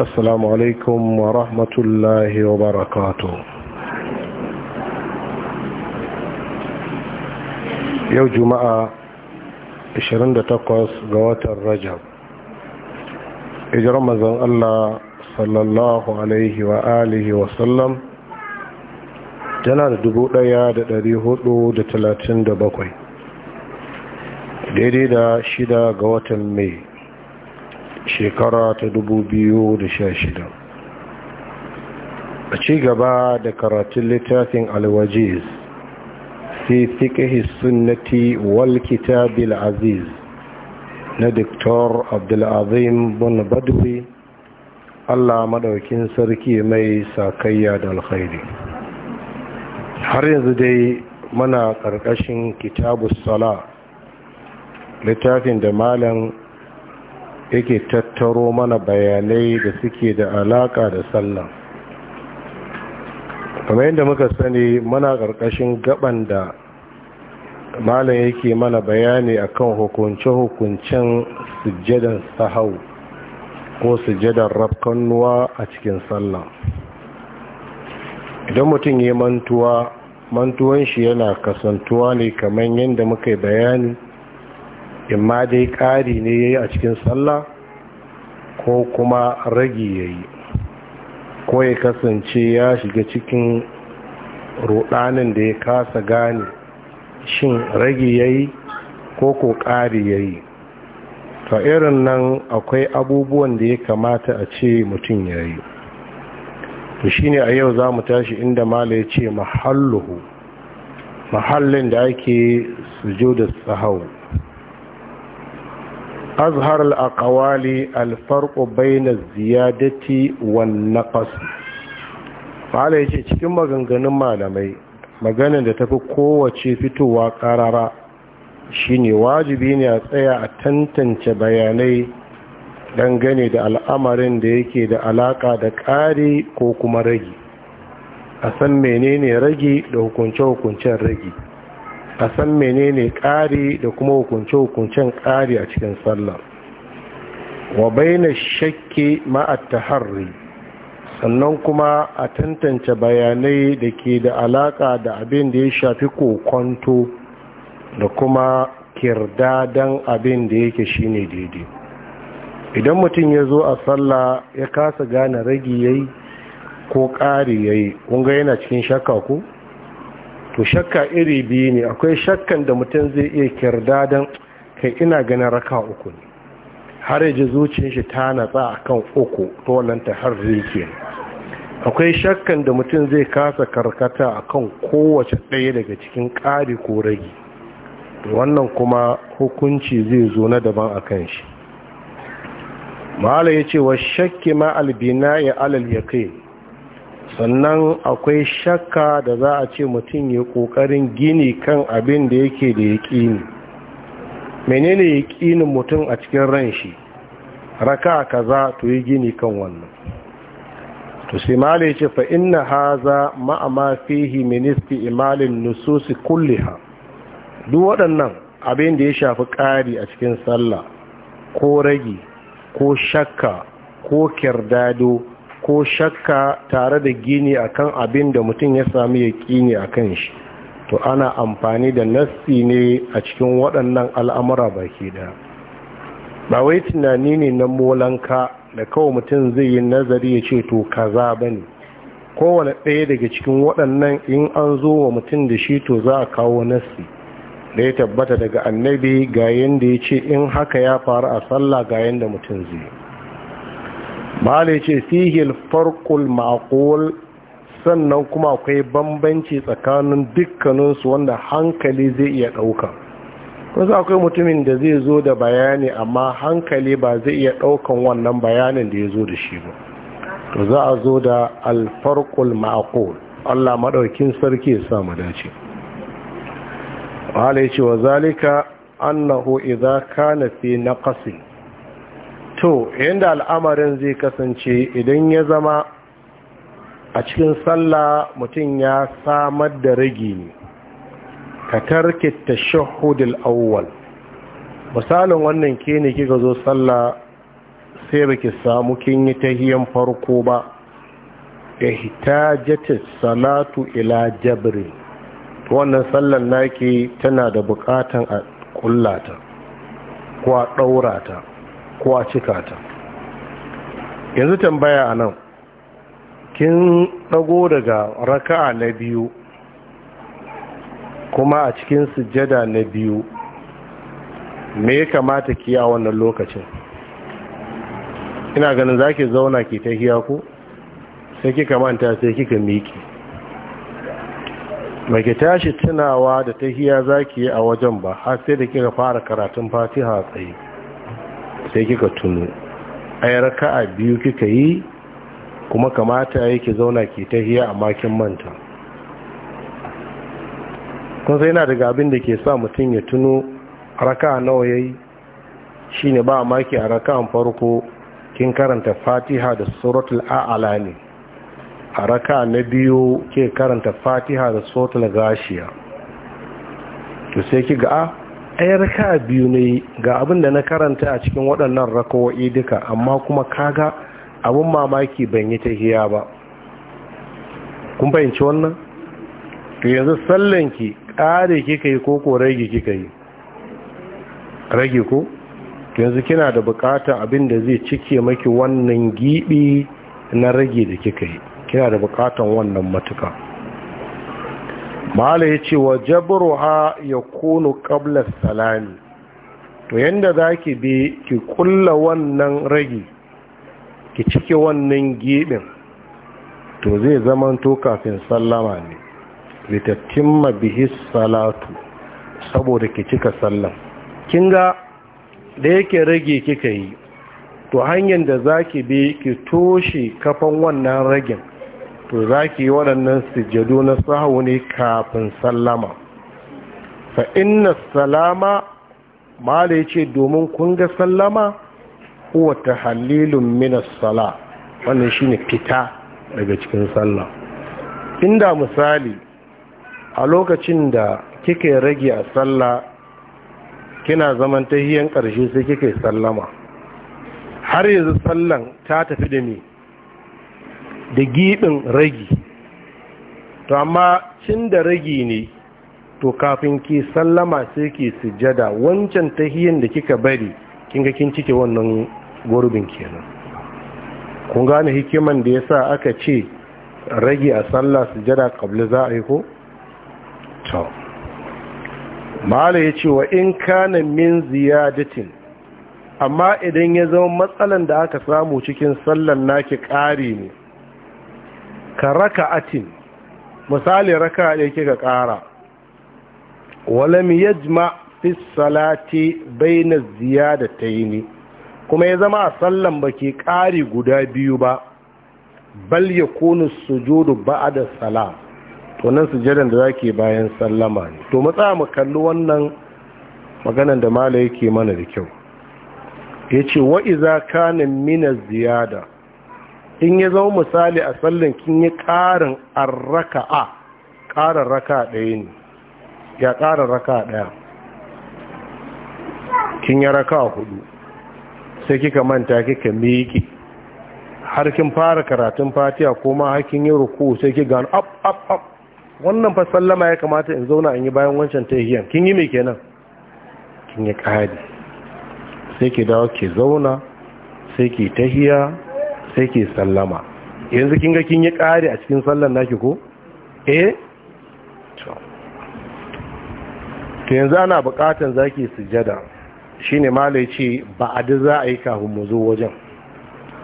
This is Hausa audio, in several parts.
السلام عليكم ورحمة الله وبركاته يوم جمعة تقص قوات الرجب إجرام زن الله صلى الله عليه وآله وسلم tana da dubu ɗaya da dari hudu da talatin da bakwai daidai da shida ga watan mai shekara ta dubu biyu da sha shida. a ci gaba da karatun littafin alwajiz fi fiƙe sunnati wal kitabil aziz na diktor abdulazim bin badwi allah madaukin sarki mai sakayya da alkhairi har yanzu dai mana ƙarƙashin kitabu sala littafin da malam yake tattaro mana bayanai da suke da alaka da sallah kuma yadda muka sani muna ƙarƙashin gaban da malam yake mana bayani akan hukunce-hukuncen sujjadar sahau ko sujjadar rafkannuwa a cikin sallah idan mutum ya mantuwa mantuwan shi yana kasantuwa ne kamar yadda muka bayani in ma dai ƙari ne ya yi a cikin sallah ko kuma ragi ya yi ko ya kasance ya shiga cikin rudanin da ya kasa gane shin ragi ya yi ko ko ƙari ya yi ta irin nan akwai abubuwan da ya kamata a ce mutum ya yi to shi ne a yau za mu tashi inda mala ya ce mahalluhu mahallin da ake sujudu hau? azhar al alfarƙo al-farqu bayna ziyadati wan naqas fala yace cikin maganganun malamai maganar da tafi kowace fitowa ƙarara shine wajibi ne a tsaya a tantance bayanai dangane da al'amarin da yake da alaƙa da ƙari ko kuma ragi a san menene ragi da hukunce-hukuncen ragi a san menene ƙari da kuma hukunce-hukuncen ƙari a cikin sallah wa baina shakki ma'at harri, sannan kuma a tantance bayanai da ke da alaƙa da abin da ya shafi kokonto da kuma kirdadan abin da yake shine daidai idan mutum ya zo a sallah ya kasa gane ragi yayi ko ƙari yayi ga yana cikin shakka ko to shakka iri biyu ne akwai shakkan da mutum zai iya kirda don kai ina ganin raka uku ne har yaji zuciyar shi ta natsa kan uku to wannan har ke akwai shakkan da mutum zai kasa karkata a kan kowace ɗaya daga cikin ƙari ko ragi wannan kuma hukunci zai zo na daban akan shi mala ya ce wa shakki ma albina ya alal ya kai. sannan akwai shakka da za a ce mutum ya ƙoƙarin gini kan abin da yake da ya yaƙini menene ya yaƙinin mutum a cikin ran shi raka kaza to yi gini kan wannan to sai male ce fa inna haza ma'ama fihi ministi imalin nususi kulliha duk waɗannan abin da ya shafi ƙari a cikin sallah ko ragi ko shakka ko dado ko shakka tare da gini akan abin da mutum ya sami ya kini akan shi to ana amfani da nassi ne a cikin waɗannan al'amura baki da. ba wai tunani ne na molanka da kawai mutum zai yi nazari ya ce to kaza ba ne kowane ɗaya daga cikin waɗannan in an zo wa mutum da shi to za a kawo nassi da ya tabbata daga annabi ga yadda ya ce in haka ya faru a sallah ga yadda mutum zai mahala ce sihil farkul sannan kuma akwai bambanci tsakanin dukkaninsu wanda hankali zai iya ɗauka kusa akwai mutumin da zai zo da bayani amma hankali ba zai iya ɗaukan wannan bayanin da ya zo da shi ba to za a zo da alfarkul ma'akol allah maɗaukin sarki ya samu dace mahala ce wa zalika annahu idza kana fi naqasin to yadda al'amarin zai kasance idan ya zama a cikin sallah mutum ya samar da ragi ne ka tarkita shahudul awwal misalin wannan ke ne kika zo sallah sai baki samu kin yi tahiyan farko ba ihtajatis salatu ila jabri wannan sallan naki tana da bukatan a kullata ko a daurata ko cika ta yanzu tambaya a nan kin ɗago daga raka'a na biyu kuma a cikin sujada na biyu me ya kamata ki a wannan lokacin ina ganin zaki zauna ki ta hiyaku sai kika manta sai kika miki ki tashi tunawa da ta hiya yi a wajen ba har sai da kika fara karatun fatiha tsaye sai kika tunu, ai raka'a biyu kika yi kuma kamata yake zauna ki tahiya amma kin manta kun sai yana daga abin da ke sa mutum ya tunu, raka'a nawa yayi shine ba maki a raka'an farko kin karanta Fatiha da suratul a'la ne a raka'a na biyu ke karanta Fatiha da suratul gashiya to sai kiga a ah, ɗayar ka biyu ne ga abin da na karanta a cikin waɗannan rakowa'i duka amma kuma kaga abin mamaki ban yi ta hiya ba kun fahimci wannan to yanzu sallanki ƙare kika yi ko ko rage kika yi rage ko to yanzu kina da bukata abin da zai cike maki wannan giɓi na rage da kika yi kina da bukatan wannan matuka mahala ya ce wa jabruha ya kunu ƙabla salami to yadda za ki bi ki kulla wannan ragi ki cike wannan geɓe. to zai zamanto kafin sallama ne litattimma bihi salatu saboda ki cika sallam. kin ga da yake rage kika yi to hanyar da za ki bi ki toshe kafan wannan ragin to za ki yi waɗannan sujjadu na sahu ne kafin sallama fa inna salama mala ya ce domin kun ga sallama kuwa ta halilun minas sala wannan shi ne fita daga cikin sallah inda misali a lokacin da kika rage a sallah kina zaman ta hiyan ƙarshe sai kika sallama har yanzu sallan ta tafi da ni da giɓin ragi to amma cin da ragi ne to kafin ki sallama sai ki sujada wancan tahiyyar da kika bari kinga kin cike wannan gurbin kenan kun gane hikiman da yasa aka ce ragi a sallah sujada kabla za a yi ko to mala ce wa in kana min ziyadatin amma idan ya zama matsalan da aka samu cikin sallan naki ƙari ne ka raka atin, misali raka da kika ga ƙara walam yajma fi salati yi ne, kuma ya zama a sallan baki ƙari guda biyu ba bal yakunu sujudu da salam to nan sujadan da zake bayan sallama ne to mu tsaya mu kalli wannan maganan da mala yake mana da kyau yace wa ka kana min ziyada in ya zama misali a sallin kin yi ƙarin a ƙarin raka ɗaya ne ya ƙarin raka ɗaya kin yi raka hudu sai kika manta kika miƙe har kin fara karatun fatiya ko kuma har kin yi ruku sai kika gano up up up wannan fa sallama ya kamata in zauna in yi bayan wancan tahiyan kin yi me kenan kin yi ƙari sai ki dawo ki zauna sai ki tahiya sai ke sallama yanzu kin ga kin yi ƙari a cikin sallan naki ko eh to yanzu ana za zaki sujada shine malai ce ba'adi za a yi kafin mu zo wajen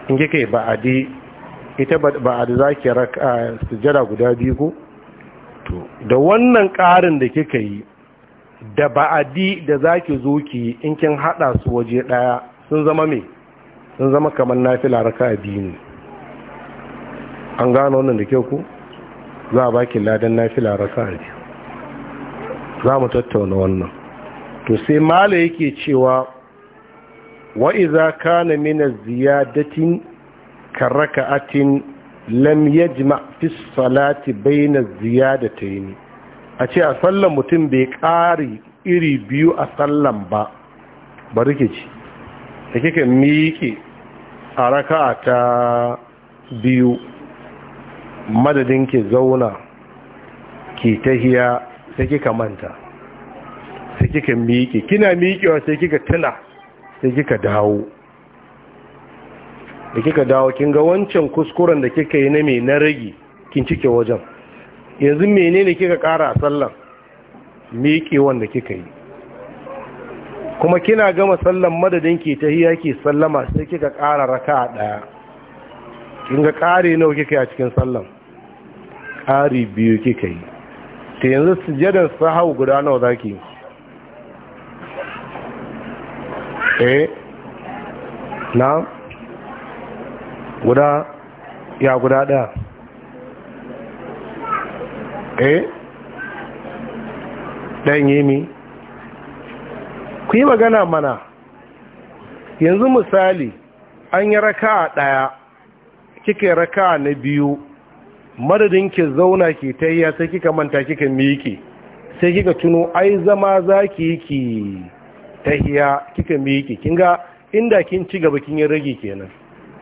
in kike ba'adi ita ba'adi zaki raka sujada guda biyu ko da wannan ƙarin da kika yi da ba'adi da zaki zo ki in kin haɗa su waje ɗaya sun zama mai. sun zama kamar nafila raka a biyu ne an gano wannan da kyau ku za a baki ladan nafila raka a biyu za mu tattauna wannan to sai mala yake cewa wa iza kana min ziyadatin karaka'atin lam yajma fi salati bayna ziyadatayn a ce a sallan mutum bai ƙari iri biyu a sallan ba bari ke da kika miƙe a raka'a ta biyu madadin ki zauna ki tahiya sai kika manta sai kika miƙe kina miƙewa sai kika tuna sai kika dawo da kika dawo kin ga wancan kuskuren da kika yi na mai na rage kin cike wajen yanzu menene kika ƙara a sallan miƙewan da kika yi kuma kina gama sallan madadin ke ta tahiyya ke sallama sai kika ƙara a ɗaya kin ga ƙari nawa kika yi a cikin sallan ƙari biyu kika yi ta yanzu sujjadan sahau guda nawa zaki eh na guda ya guda ɗaya eh ɗan yi mi ku yi magana mana yanzu misali an yi raka a ɗaya kika raka na biyu madadin ki zauna ke tayya sai kika manta kika miki, sai kika tuno ai zama za ki yi ki tahiya kika miki. kin inda kin ci gaba kin yi rage kenan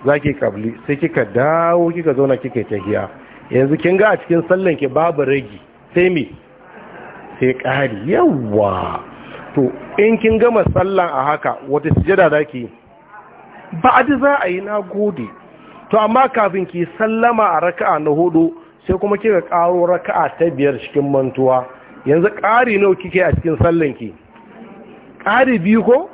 za ki kabli sai kika dawo kika zauna kika yi tahiya yanzu kinga a cikin sallan ki babu rage sai me sai kari yawa to in kin gama sallan a haka wata sujada za ki ba a za a yi na gode to amma kafin ki sallama a raka'a na hudu sai kuma kika karo raka'a ta biyar cikin mantuwa yanzu ƙari nawa kike a cikin sallan ki ƙari biyu ko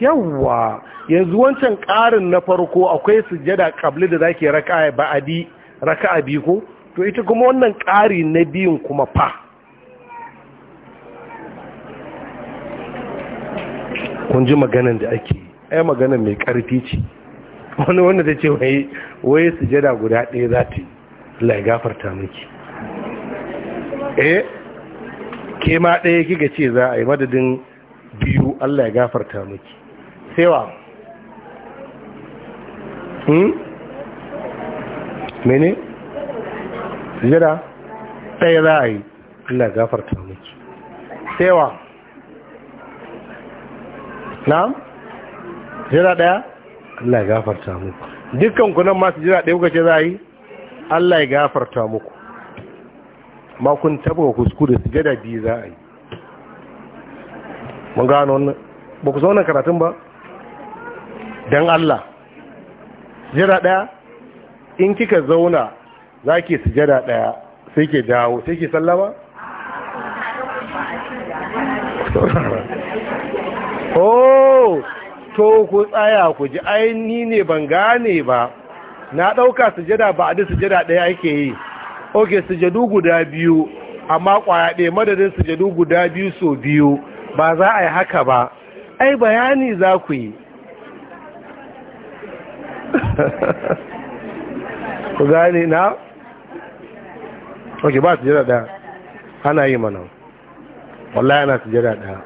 yawwa yanzu wancan ƙarin na farko akwai sujada kabli da zaki raka'a ba'adi raka'a biyu ko to ita kuma wannan ƙari na biyun kuma fa kun ji maganan da ake ai maganan mai karfi ce wani wanda ta ce wai wai sujada guda ɗaya za ta yi Allah ya gafarta miki eh ke ma ɗaya kika ce za a yi madadin biyu Allah ya gafarta miki sai wa hmm mene sujada ɗaya za a yi Allah ya gafarta miki sai wa na'am jira daya Allah ya gafarta muku dukkan ku nan masu jira daya kuka ce za yi Allah ya gafarta muku ma kun taba kuskure sujada biyu za a yi mun gano wannan ba ku zauna karatun ba don Allah jira daya in kika zauna za sujada daya sai ke dawo sai ke sallama oh to ku tsaya ku ji ni ne ban gane ba na ɗauka sujada ba a sujada ɗaya ake yi oke sujadu guda biyu amma ƙwaya ɗaya madadin sujadu guda biyu so biyu ba za a yi haka ba ai bayani za ku yi ku gane na oke ba sujada ɗaya ana yi mana wallahi ana sujada ɗaya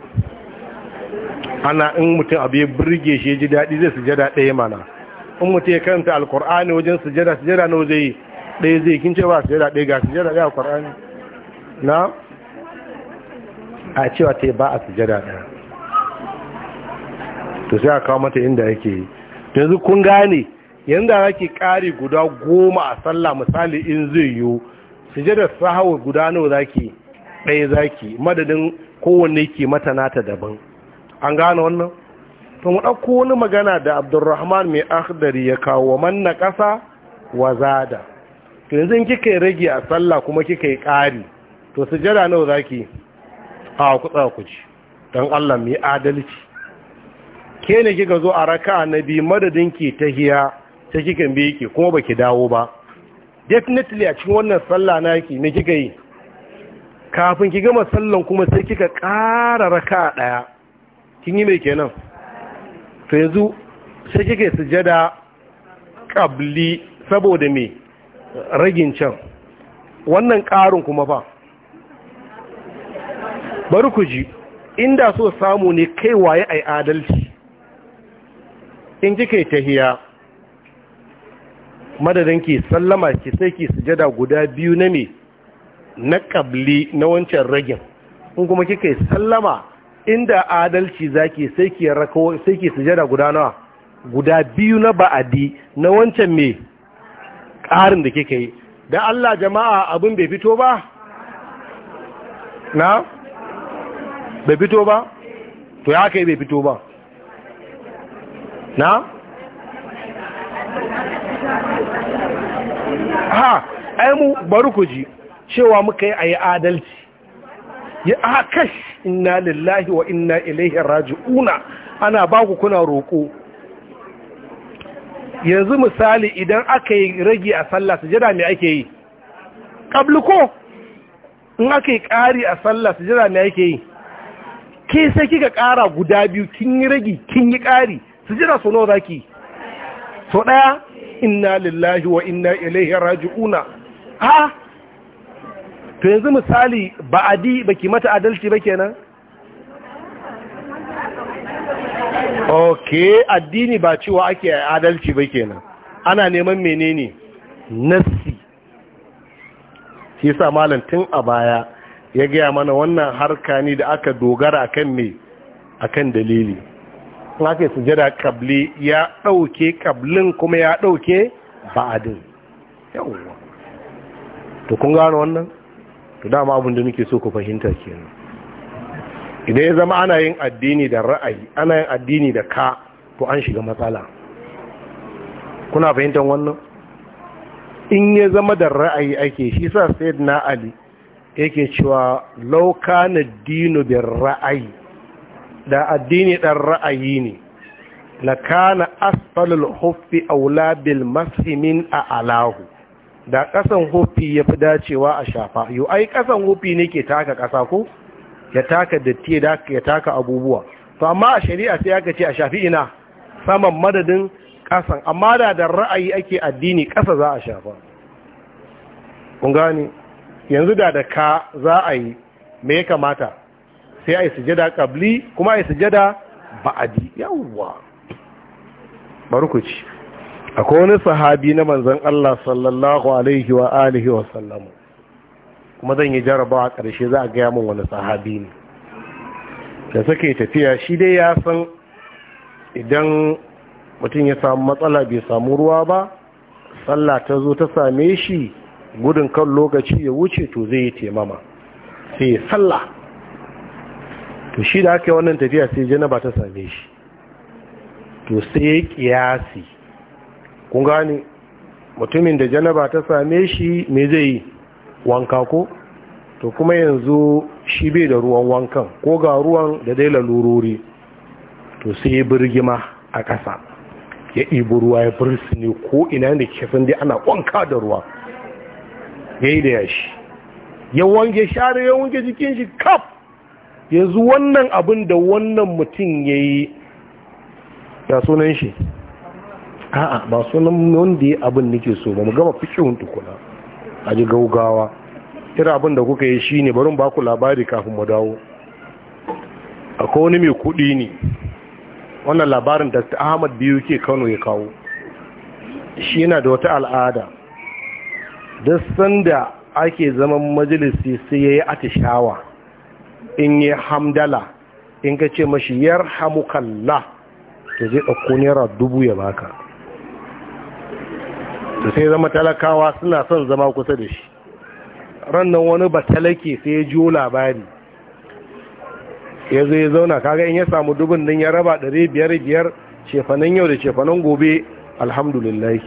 ana in mutum abu ya burge shi ji daɗi zai sujada ɗaya mana in mutum ya karanta alkur'ani wajen sujada sujada nawa zai yi ɗaya zai kin ce ba sujada ɗaya ga sujada ɗaya alkur'ani na a cewa ta ba a sujada ɗaya to sai a kawo mata inda yake yi yanzu kun gane yanda zaki ƙari guda goma a sallah misali in zai yiwu sujada sahawa guda nawa zaki ɗaya zaki madadin kowanne ke mata nata daban an gane wannan to mu ɗauko wani magana da Abdulrahman mai akhdari ya kawo manna ƙasa wa zada to yanzu kika yi rage a sallah kuma kika yi ƙari to sujada nawa zaki a ku ku ci don Allah mai adalci ke ne kika zo a raka na biyu madadin ki ta hiya ta kika biye ki kuma baki dawo ba definitely a cikin wannan sallah na naki ne kika yi kafin ki gama sallan kuma sai kika ƙara raka ɗaya kin yi mai kenan to yanzu sai kike sujada qabli saboda me ragin can wannan ƙarin kuma fa bari ku ji inda so samu ne kai waye ai adalci in kike tahiya madadin ki sallama ki sai ki sujada guda biyu na me na qabli na wancan ragin in kuma kike sallama inda adalci zaki sai ki rako sai ki sujada guda nawa guda biyu na ba'adi na wancan me ƙarin da kike yi da Allah jama'a abin bai fito ba na bai fito ba to ya kai bai fito ba na ha ai mu bari ku ji cewa muka yi ayi adalci ya akash inna lillahi wa inna ilaihi raji'una ana ba ku kuna roƙo yanzu misali idan aka yi rage a sallah sujada me ake yi ko in aka yi ƙari a sallah sujada me ake yi ke sai kika kara guda biyu kin yi rage kin yi ƙari sujada sau nawa zaki sau ɗaya inna lillahi wa inna ilaihi raji'una a to yanzu misali ba'adi ki mata adalci ba kenan ok addini ba cewa ake adalci ba kenan ana neman menene nassi shi sa malam tun a baya ya gaya mana wannan harka ne da aka dogara kan me akan dalili kuma ake sujada kabli ya ɗauke kablin kuma ya ɗauke ba'adin yawon to kun gano wannan to dama abin da nake so ku fahimta kenan idan ya zama ana yin addini da ra'ayi ana yin addini da ka to an shiga matsala kuna fahimtar wannan in ya zama da ra'ayi ake shi sa sayyid na ali yake cewa lauka na dinu ra'ayi da addini ɗan ra'ayi ne la kana asfalul huffi aula bil masimin a alahu da ƙasan hofi ya fi dacewa a shafa yau ai ƙasan hofi ne ke taka ƙasa ko ya taka datti ya taka abubuwa to amma a shari'a sai aka ce a shafi ina saman madadin ƙasan amma da da ra'ayi ake addini ƙasa za a shafa kun gani yanzu da da ka za a yi me ya kamata sai a yi sujada kabli kuma a yi sujada ba'adi yawwa bari ku akwai wani sahabi na manzan Allah sallallahu alaihi wa alihi wa sallamu kuma zan yi jarabawa a ƙarshe za a gaya min wani sahabi ne da suke tafiya shi dai ya san idan mutum ya samu matsala bai samu ruwa ba sallah ta zo ta same shi gudun kan lokaci ya wuce to zai yi taimama sai ya sallah to shi da aka yi wannan tafiya sai ba ta same shi to sai ya kiyasi kun gani mutumin da janaba ta same shi me zai yi wanka ko to kuma yanzu shi bai da ruwan wankan ko ga ruwan da dai lalurori to sai birgima a ƙasa ya ibi ruwa ya birsi ne ko ina da kifin dai ana wanka da ruwa ya yi da yashi ya wange share ya wange jikin shi kaf yanzu wannan abin da wannan mutum ya yi ya sunan shi a'a ba sunan wanda ya abin nake so ba mu gama hun tukuna a ji gaugawa irin abin da kuka yi shine barin ba ku labari kafin mu dawo akwai wani mai kuɗi ne wannan labarin dr ahmad biyu ke kano ya kawo shi yana da wata al'ada duk sanda ake zaman majalisi sai ya yi atishawa in yi hamdala in ka ce mashi yar Lah, ta je ɗauko naira dubu ya baka to sai zama talakawa suna son zama kusa da shi rannan wani ba sai ya jo labari ya zo ya zauna kaga in ya samu dubin nan ya raba ɗari biyar biyar cefanen yau da cefanen gobe alhamdulillah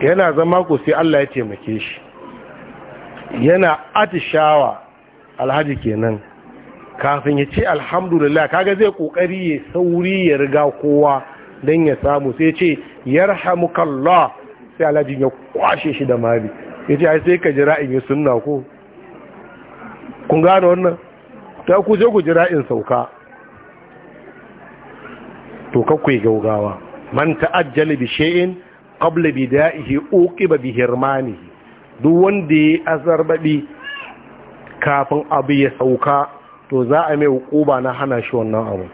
yana zama ku sai Allah ya taimake shi yana atishawa alhaji kenan kafin ya ce alhamdulillah kaga zai kokari ya sauri ya riga kowa don ya samu sai ce yarhamukallah sai alajin ya kwashe shi da mali. ya ce sai ka jira in yi suna ko kun gane wannan ta ku je ku jira in sauka to kakwai gaugawa man ta'ajjala bi shay'in qabla bida'ihi uqiba bi hirmanihi duk wanda ya azarbabi kafin abu ya sauka to za a mai hukuba na hana shi wannan abu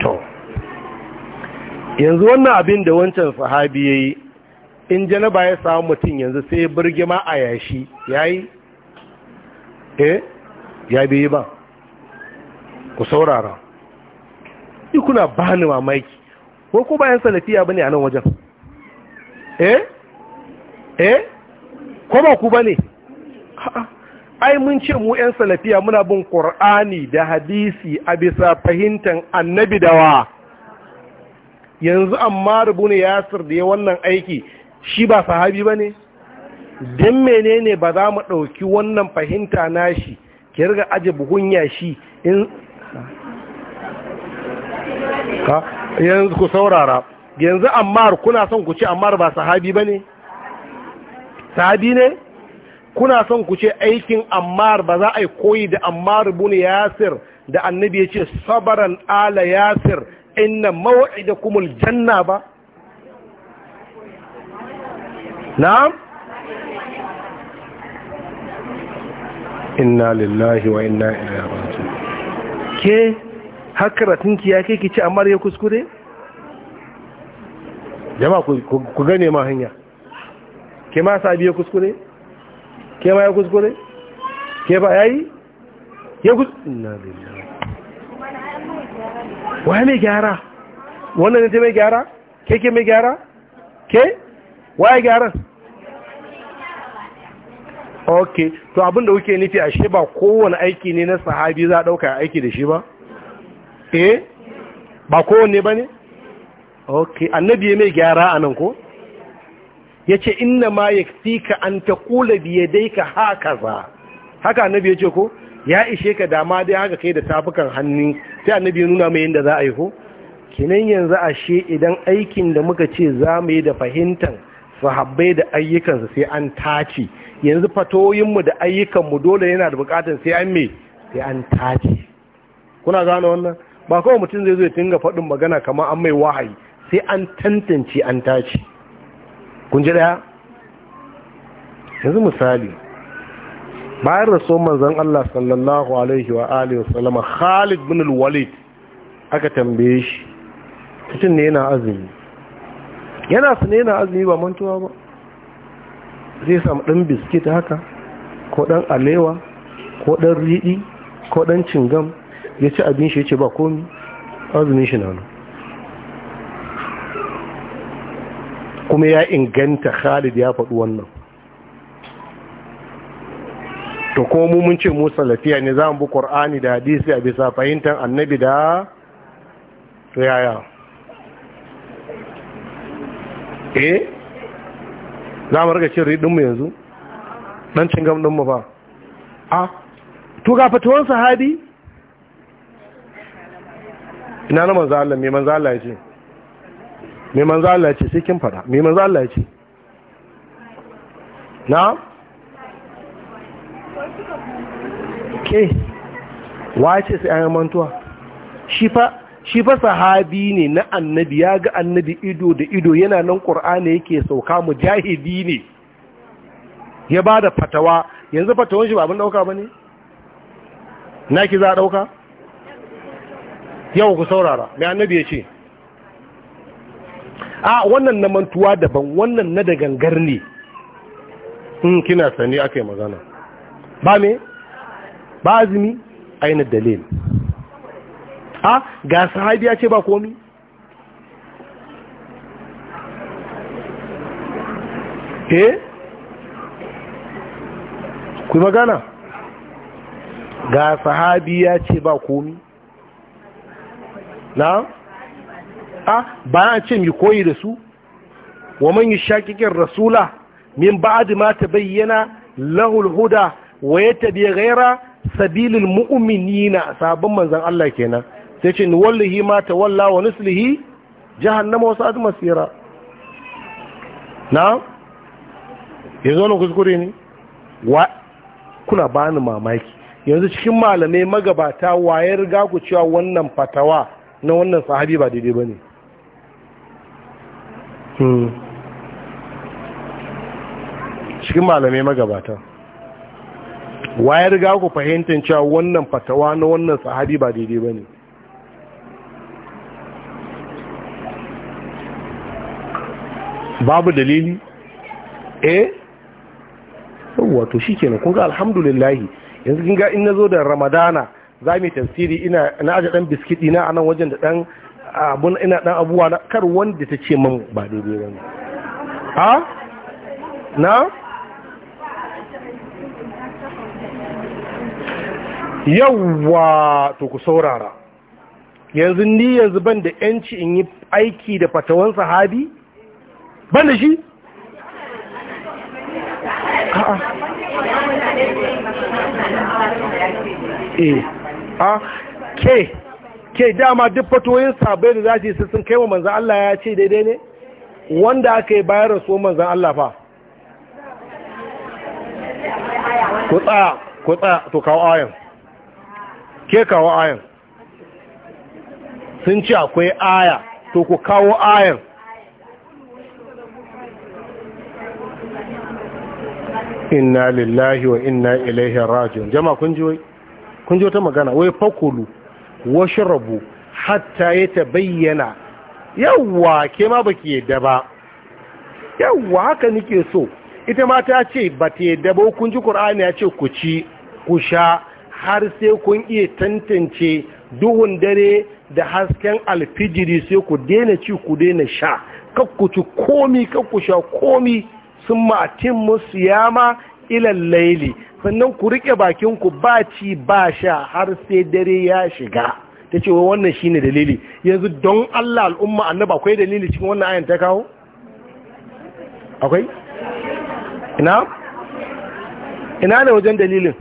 to yanzu wannan abin da wancan sahabi ya yi in janaba ya samu mutum yanzu sai birge ma a yashi ya yi eh ya biyi ba ku saurara kuna ba ni mamaki ko ku bayan salafiya ba ne a nan wajen eh eh ko ba ku ba ne ai mun ce mu 'yan salafiya muna bin ƙor'ani da hadisi a bisa fahimtar annabi dawa yanzu amma rubuni ya da ya wannan aiki shi ba sahabi ba ne don menene ba za mu ɗauki wannan fahimta nashi ki riga aje buhun shi. in ka yanzu ku saurara yanzu ammar kuna son ku ce ammar ba sahabi ba ne sahabi ne kuna son ku ce aikin ammar ba za a yi koyi da ammar bin yasir da annabi ya ce sabaran ala yasir inna kumul janna ba na'am inna lillahi wa inna ilayhi raji'un ke hakaratin ki ya kai ki ci amma ya kuskure jama'a ku gane ma hanya ke ma sabi ya kuskure ke ma ya kuskure ke ba yayi ya kus inna lillahi wa mai gyara wannan ne ta mai gyara ke ke mai gyara ke waye gyaran ok to abinda wuke nufi a shi ba kowane aiki ne na sahabi za a ɗauka aiki da shi ba eh ba kowane ba ne ok annabi ya mai gyara a nan ko ya ce inna ma ya fi ka an ta kula biye dai ka haka za haka annabi ya ce ko ya ishe ka dama dai haka kai da tafukan hannu sai annabi ya nuna mai yadda za a yi ko kinan yanzu ashe idan aikin da muka ce za mu yi da fahimtar sahabbai da ayyukansu sai an tace yanzu fatoyinmu da ayyukanmu dole yana da bukatar sai an me sai an tace kuna gano wannan ba kawai mutum zai zo ya tinga faɗin magana kamar an mai wahayi sai an tantance an tace kun ji daya yanzu misali bayan raso manzan Allah sallallahu alaihi wa alihi wasallama Khalid bin walid aka tambaye shi cikin ne yana azumi yana su ne yana azumi ba mantuwa ba zai samu ɗan biskit haka ko ɗan alewa ko ɗan riɗi ko ɗan cingam ya ci abin shi ya ce ba komi azumi shi nanu kuma ya inganta khalid ya faɗi wannan to ko mu mun ce mu salafiya ne za mu bi qur'ani da hadisi a bisa fahimtar annabi da to yaya eh za mu riga cin mu yanzu dan cin gam mu ba a to ga fatuwan sahabi ina na manzo Allah me manzo Allah yace me manzo Allah yace sai kin fada me manzo Allah yace na'am na ke eh, wace sai an mantuwa shi fa sahabi ne na annabi ya ga annabi ido da ido yana nan qur'ani yake sauka mu jahidi ne ya bada fatawa yanzu fatawan shi ba abin dauka bane naki za a dauka yau ku saurara mai annabi ya ce a wannan na mantuwa daban wannan na da gangar ne in hmm, kina sani aka yi magana ba me ba azumi aina dalil a ga sahabi ya ce ba komi e ku magana ga sahabi ya ce ba komi na a ba ce mi koyi da su wa man shakikin rasula min ba'd ma tabayyana lahu al-huda wa yatabi ghayra sabilil mu'minina sabon manzon Allah kenan sai ce ni wallahi ma tawalla wa nuslihi jahannama wa sa'at masira na yanzu wani kuskure ne wa kuna bani mamaki yanzu cikin malamai magabata wayar riga ku cewa wannan fatawa na wannan sahabi ba daidai bane hmm. cikin malamai magabata waye riga ku fahimtar cewa wannan fatawa na wannan sahabi ba daidai ba ne babu dalili eh wato shi kenan kun ga alhamdulillahi yanzu kin ga in na zo da ramadana za mu tafsiri ina na aji dan biskit ina a nan wajen da dan abun ina dan abuwa na kar wanda ta ce min ba daidai ba ne ha na yawwa to ku saurara yanzu ni yanzu ban da yanci in yi aiki da fatawan sahabi ban da shi a eh. ke ke dama duk fatoyin sabai da za su yi sun kai wa manzan Allah ya ce daidai ne wanda aka yi bayar rasuwar manzan Allah fa ku tsaya ku tsaya to kawo ayan ke kawo ayan sun ci akwai aya to ku kawo ayan inna lillahi wa inna ilaihi rajiun jama'a kun ji kun ji wata magana wai fakulu washrabu hatta yatabayyana yawwa ke ma baki yadda ba yawwa haka nike so ita ma ta ce ba ta yadda ba kun ji qur'ani ya ce ku ci ku sha har sai kun iya tantance duhun dare da hasken alfijiri sai ku daina ci ku daina sha kakkuci komi kakku sha komi sun matin musu yama ilan laili sannan ku rike bakinku ba ci ba sha har sai dare ya shiga ta ce wa wannan shine dalili yanzu don Allah al'umma annaba akwai dalili cikin wannan ayan ta kawo akwai ina ina ne wajen dalilin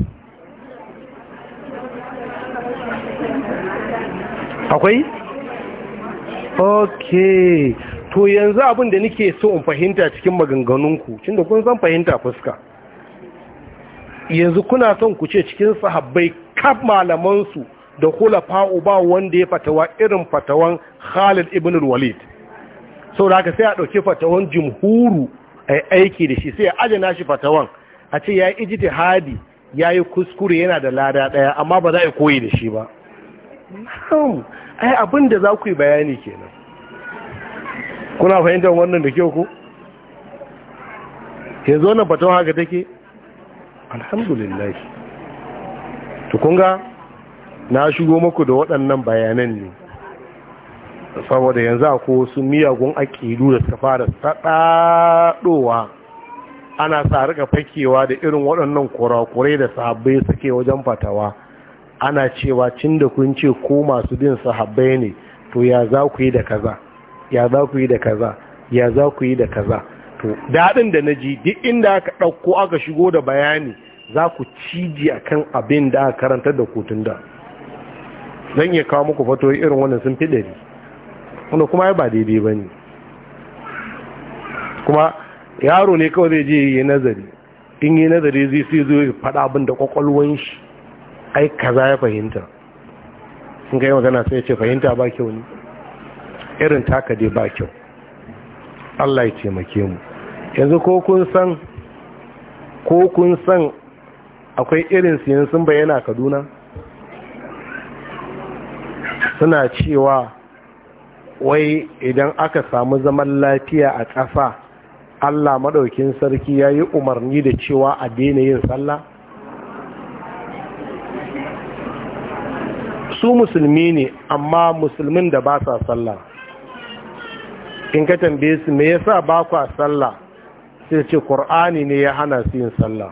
akwai ok to yanzu abin da nake so in fahimta cikin maganganunku cin da kun san fahimta fuska yanzu kuna son ku ce cikin sahabbai kaf malamansu da kula fa'o ba wanda ya fatawa irin fatawan khalid ibn walid sau da aka sai a ɗauki fatawan jumhuru a aiki da shi sai a ajana shi fatawan a ce ya yi ijiti hadi ya yi kuskure yana da lada ɗaya amma ba za a koyi da shi ba ai abin da za ku yi bayani kenan kuna fahimtar wannan da kyau ku ke zo na batun haka take alhamdulillah tukunga na shigo muku da waɗannan bayanan ne saboda yanzu akwai wasu miyagun aƙidu da suka fara saɗaɗowa ana sa rika fakewa da irin waɗannan kurakurai da sabbai suke wajen fatawa ana cewa cin da kun ce ko masu bin sahabbai ne to ya za ku yi da kaza ya za ku yi da kaza ya za ku yi da kaza to daɗin da na ji duk inda aka ɗauko aka shigo da bayani za ku ciji a kan abin da aka karantar da kotun da zan iya kawo muku fato irin wannan sun fi ɗari wanda kuma ya ba daidai ba ne kuma yaro ne kawai zai je yi nazari in yi nazari zai sai zo ya faɗa abin da ƙwaƙwalwan shi ai kaza ya fahimta sun ga yi magana sai ce fahimta ba kyau ne irin taka dai ba kyau Allah ya taimake mu yanzu ko kun san ko kun san akwai irin siyan sun bayyana kaduna suna cewa wai idan aka samu zaman lafiya a ƙasa Allah maɗaukin sarki ya yi umarni da cewa a daina yin sallah su musulmi ne amma musulmin da ba sa sallah in ka tambaye su me yasa ba ku sallah sai ce qur'ani ne ya hana su yin sallah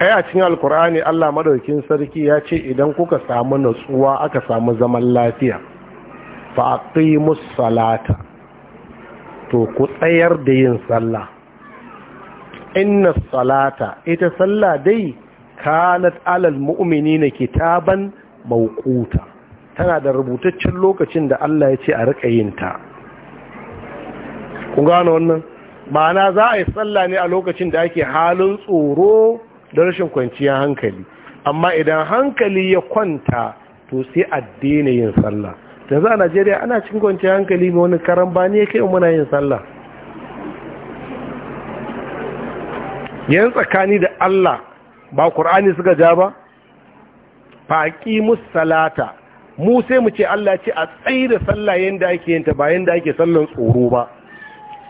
ai a cikin alkur'ani Allah madaukin sarki ya ce idan kuka samu natsuwa aka samu zaman lafiya fa aqimus salata to ku tsayar da yin sallah inna salata ita sallah dai kanat alal mu'minina kitaban mawquta tana da rubutaccen lokacin da Allah ya ce a rika yin ta ku gano wannan ma'ana za a yi sallah ne a lokacin da ake halin tsoro da rashin kwanciyar hankali amma idan hankali ya kwanta to sai a daina yin sallah za a Najeriya ana cin kwanciyar hankali mai wani ba ne kai muna yin sallah yan tsakani da Allah ba ƙur'ani suka ja ba faƙi musalata mu sai mu ce Allah ce a tsayi da sallah yadda ake yinta ba yadda ake sallan tsoro ba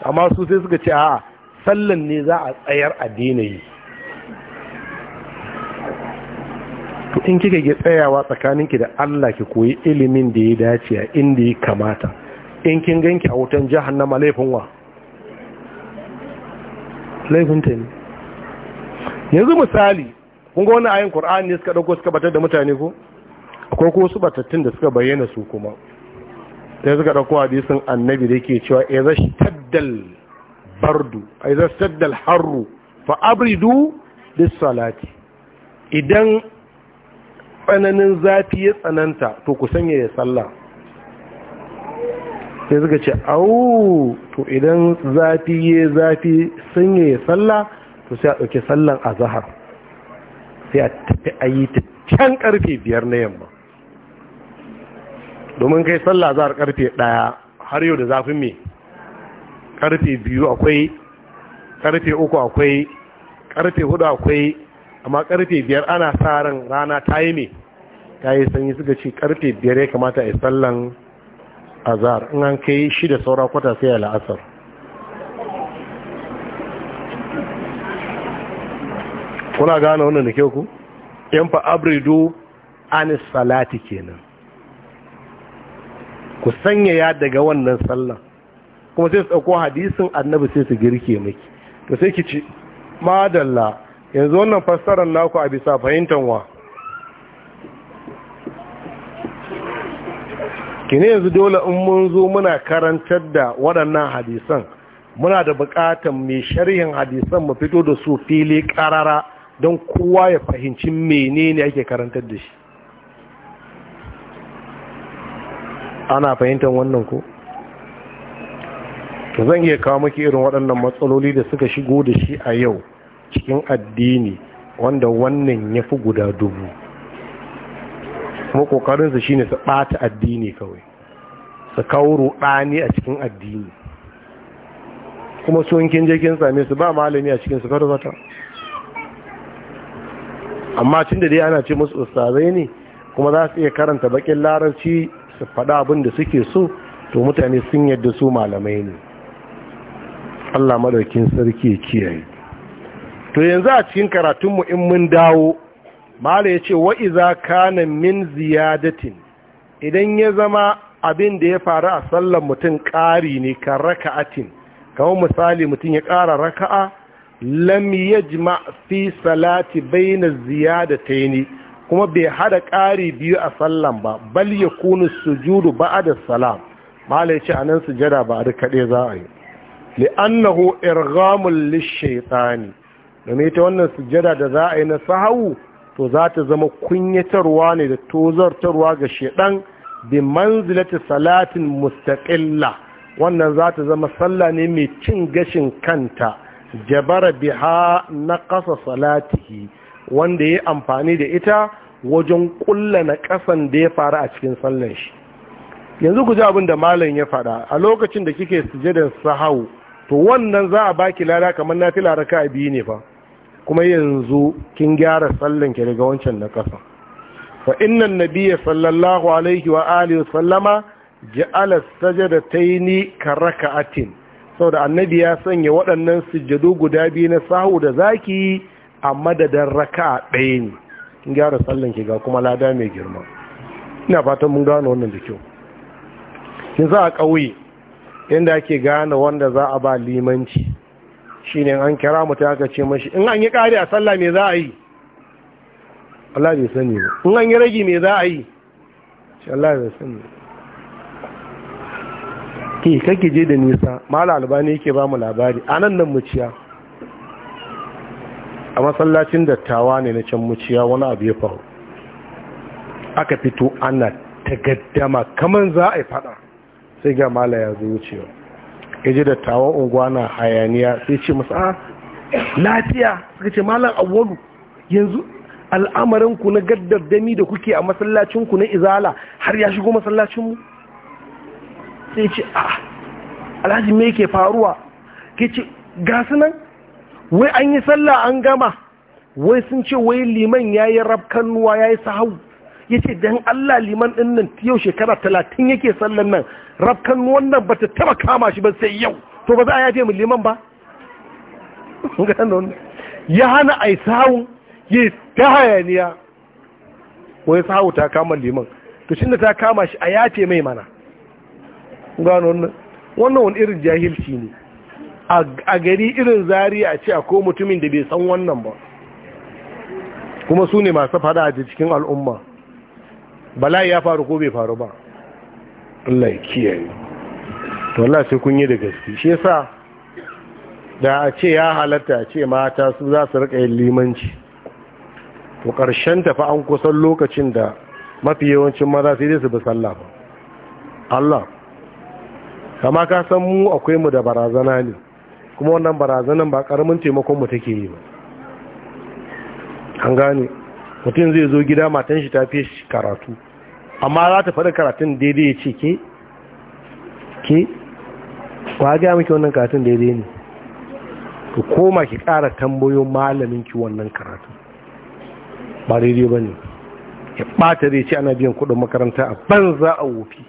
amma su sai suka ce a sallan ne za a tsayar a dinayi to in kika ke tsayawa tsakaninki da Allah ki koyi ilimin da ya dace a inda ya kamata in kin ganki a wutan jahannama laifin wa laifin ta ne yanzu misali kunga wani ayin qur'ani ne suka ɗauko suka batar da mutane ko akwai ko su batattun da suka bayyana su kuma yi suka a hadisin annabi da ke cewa idza shaddal bardu idza shaddal harru fa abridu da salati idan tsananin zafi ya tsananta to ku sanya ya salla. sai suka ce au to idan zafi ya zafi sanya ya salla? to sai a ɗauki sallan azahar sai a tafi a yi ta can ƙarfe biyar na yamma domin kai sallah zahar ƙarfe ɗaya har yau da zafin mai ƙarfe biyu akwai ƙarfe uku akwai ƙarfe hudu akwai amma ƙarfe biyar ana sa ran rana ta yi mai ta yi sanyi suka ce ƙarfe biyar ya kamata a yi sallan azahar in an kai shida saura kwata sai a la'asar kuna gane wannan da kyau ku yan fa abridu anis salati kenan ku sanya ya daga wannan sallan kuma sai su dauko hadisin annabi sai su girke miki to sai ki ci madalla yanzu wannan fassarar naku a bisa fahimtar wa kine yanzu dole in mun zo muna karantar da waɗannan hadisan muna da buƙatar mai sharhin hadisan mu fito da su fili ƙarara don kowa ya fahimci menene ake karantar da shi ana fahimtar wannan ko zan iya kawo maki irin waɗannan matsaloli da suka shigo da shi a yau cikin addini wanda wannan ya fi guda dubu kuma ƙoƙarinsu ne su ɓata addini kawai su kawo ruɗani a cikin addini kuma su kin je same su ba malami a cikin su karfata amma tun da dai ana ce musu ustazai ne kuma za su iya karanta bakin larabci su faɗa abin da suke so to mutane sun yadda su malamai ne Allah madaukin sarki kiyaye to yanzu a cikin karatunmu in mun dawo mala ya ce wa'iza kana min ziyadatin idan ya zama abin da ya faru a sallan mutum ƙari ne kan raka'atin kamar misali mutum ya ƙara raka'a lam yajma fi salati baina ziyadataini kuma bai hada ƙari biyu a sallan ba bal yakunu sujudu ba'da salam malai ce anan sujada ba da kade za a yi li'annahu irghamul lishaytani dan ita wannan sujada da za a yi na sahawu to za ta zama kunyatarwa ne da tozartarwa ga shedan bi manzilati salatin mustaqilla wannan za ta zama sallah ne mai cin gashin kanta jabara biha na ƙasa salatihi wanda ya amfani da ita wajen ƙulla na ƙasan da ya faru a cikin sallan shi yanzu ku ji abin da malam ya faɗa a lokacin da kike sujadar sahau to wannan za a baki lada kamar na fila raka biyu ne fa kuma yanzu kin gyara sallan ki daga wancan na ƙasa fa innan nabiyya sallallahu alaihi wa alihi sallama ja'ala sajadataini ka raka'atin da annabi ya sanya waɗannan sujjadu guda biyu na sahu da zaki a madadin raka ɗaya ne in gyara sallan ki ga kuma lada mai girma ina fatan mun gano wannan da kyau kin za a ƙauye inda ake gane wanda za a ba limanci shine an kira mutum aka ce mashi in an yi ƙari a sallah me za a yi Allah bai sani ba in an yi ragi me za a yi Allah bai sani ba ke kake je da nisa mala albani yake ba mu labari a nan nan muciya a masallacin dattawa ne na can muciya wani abu ya faru aka fito ana ta gaddama kamar za a yi fada sai ga mala ya zo wucewa ya ji dattawan unguwa na hayaniya sai ce masu a ah, lafiya suka ce malam awwalu yanzu al'amarinku na gaddar dami da kuke a masallacinku na izala har ya shigo masallacinmu sai ce a ah, alhaji me ke faruwa ke ce gasu nan wai an yi sallah an gama wai sun ce wai liman ya yi rafkanuwa ya yi sahau ya ce don allah liman ɗin nan yau shekara talatin yake sallan nan rafkannuwan nan ba ta taba kama shi ba sai yau to ba za a yaje mu liman ba ya hana a yi sahau ya ta hayaniya wai sahau ta kama liman to shi da ta kama shi a yace mai mana gano wannan wannan wani irin jahilci ne a gari irin zari a ce a ko mutumin da bai san wannan ba kuma su ne masu fada a cikin al'umma bala'i ya faru ko bai faru ba Allah ya kiyaye to Allah sai kun yi da gaske shi yasa da a ce ya halatta a ce mata su za su rika yin limanci to karshen tafi an kusan lokacin da mafi yawancin maza sai dai su bi sallah ba Allah kama ka san mu akwai mu da barazana ne kuma wannan barazanan ba karamin taimakon mu take yi ba an gane mutum zai zo gida matan shi ta fi karatu amma za ta faɗi karatun daidai ya ce ke ke ba ga miki wannan karatun daidai ne ku koma ki ƙara tambayo malamin ki wannan karatu. ba daidai ba ne ya ɓata zai ce ana biyan kuɗin makaranta a banza a wofi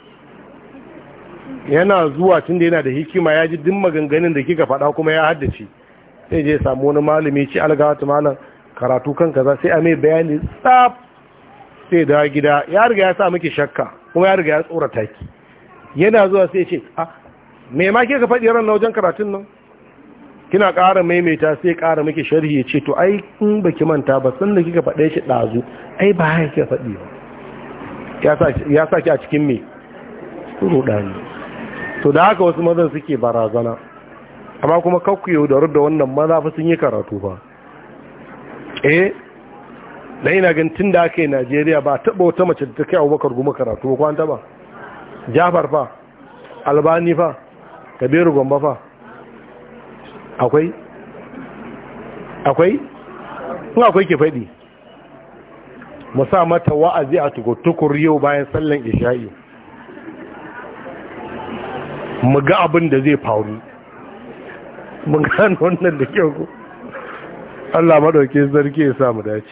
yana zuwa tunda yana da hikima ya ji dimma ganganin da kika faɗa kuma ya haddace sai je samu wani malami ci ta malam karatu kan kaza sai a mai bayani tsaf sai da gida ya riga ya sa miki shakka kuma ya riga ya tsorata ki yana zuwa sai ce a me ma ke ka faɗi ran wajen karatun nan kina ƙara maimaita sai ƙara miki sharhi ya ce to ai in baki manta ba san da kika faɗe shi ɗazu ai ba haka kika faɗi ba ya sa ki a cikin me ruɗani to da haka wasu mazan suke barazana amma kuma kakku yaudaru da wannan maza fa sun yi karatu ba eh da yi gan tun da aka yi najeriya ba taɓa wata mace da ta kai abubakar goma karatu ba kwan taɓa jafar fa albani fa kabiru gomba fa akwai akwai in akwai ke faɗi musa mata wa'azi a tukur yau bayan sallan isha'i mu ga abin da zai faru mu gano wannan da kyau ko Allah madauke zarge ya sa dace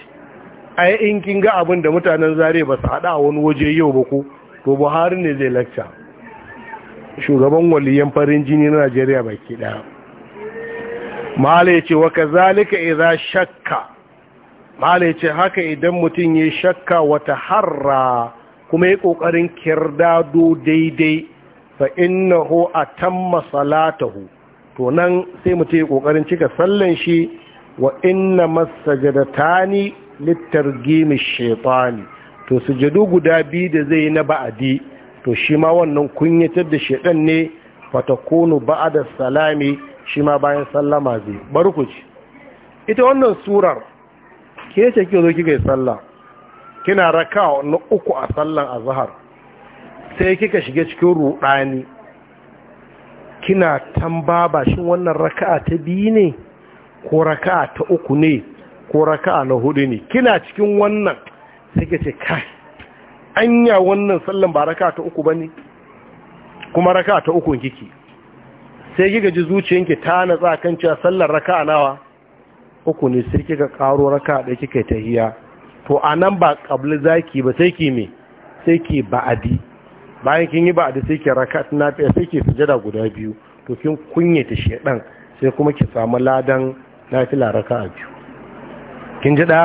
ai in kin ga abin da mutanen zare ba su hada wani waje yau ba ko to Buhari ne zai lacca shugaban waliyan farin jini na Najeriya baki daya mala yace wa kazalika idza shakka mala yace haka idan mutum yayi shakka wata harra kuma yayi kokarin kirdado daidai fa innahu atamma salatahu to nan sai mutum ya kokarin cika sallan shi wa inna masajadatani litargimi shaytani to sujadu guda biyu da zai na ba'adi to shi ma wannan kunyatar da shaytan ne fatakunu ba'da salami shi ma bayan sallama zai barkuci ita wannan surar ke ce kike zo kika yi sallah kina rakawa na uku a sallan azhar sai kika shiga cikin ruɗani kina tambaba shin wannan raka'a ta biyu ne ko raka'a ta uku ne ko raka'a na hudu ne kina cikin wannan sai kace kai anya wannan sallan ba raka'a ta uku bane kuma raka'a ta uku kike sai kika ji zuciyanki ta natsa kan cewa sallar raka'a nawa uku ne sai kika karo raka'a da kika tahiya to anan ba qabli zaki ba sai ki me sai ki ba'adi bayan kin yi ba da sai ke raka na fiye sai ke sujada guda biyu to kin kunye ta shedan sai kuma ki samu ladan nafila raka a biyu kin ji da